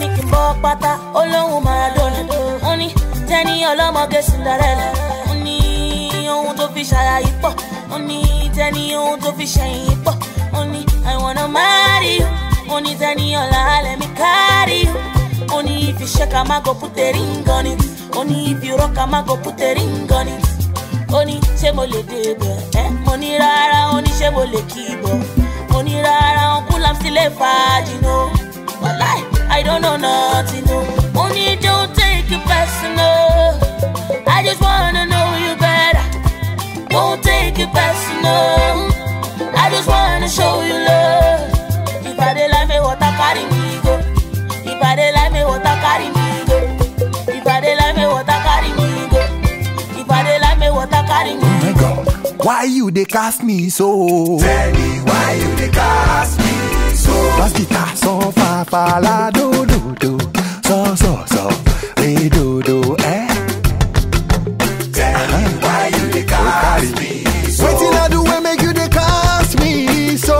ní kí n bọ́ pátá ó lóhùn Maradona ó ní tẹ́ni ọlọ́mọge Cinderella ó ní ohun tó fi ṣàyà yìí pọ̀ ó ní tẹ́ni ohun tó fi ṣẹ̀yìn pọ̀ ó ní I wanna marry you ó ní tẹ́ni ọ̀la let me carry you ó ní if you shake go put a ring on it ó ní if you rock go put a ring on it ó ní ṣé mo lè dé ibẹ̀ ẹ́ mo ní rárá ó ní ṣé mo lè kí ibọ̀ mo ní rárá ọkùnrin làmsílẹ̀ fàájì náà. I don't know nothing. No. Only don't take it personal. I just wanna know you better. Don't take it personal. I just wanna show you love. If I did like me, what I carry me go. If I did like me, what I carry me go. If I did like me, what I carry me go. If I did like me, what I carry me oh go. Why you they cast me so? Tell me why you they cast me títà san fàáfàá ládòdòdò sọ́sọ̀sọ̀ rí dòdò ẹ́. tell me why you dey cast me so. wetin i do eh? uh-huh. wey make you dey cast me so.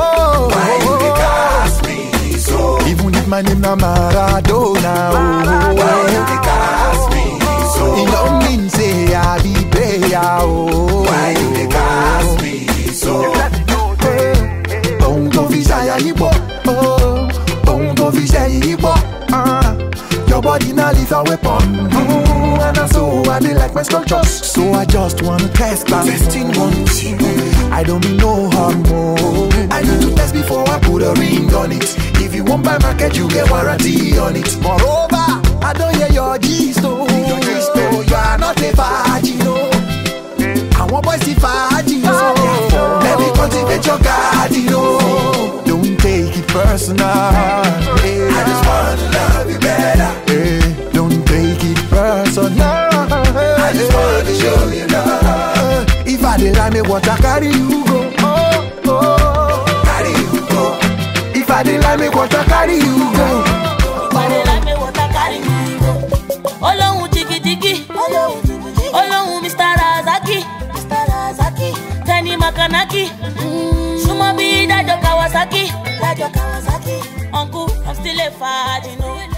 why you dey cast me so. even if my name na Maradona. Oh. Maradona. why you dey cast me so. Your body now is a weapon. Ooh, mm, And I so I they like my structures. So I just wanna test and testing one thing. I don't need no hormone. I need to test before I put a ring on it. If you won't buy market, you get warranty on it. Moreover, I don't hear your G's though. No. You are not a virgin, no. Oh. I want boys to virgin, no. Oh. Let me cultivate your garden, no. Oh. Don't take it personal. i dey water carry you go oh oh carry you go if i dey like make water carry you go if i dey like make water carry you go olóhùn jigijigi olóhùn mr razaki mr razaki tẹni makanaki hmm. súnmọ́ bí dájọ́ kawasaki dájọ́ kawasaki uncle i'm still a fajinu.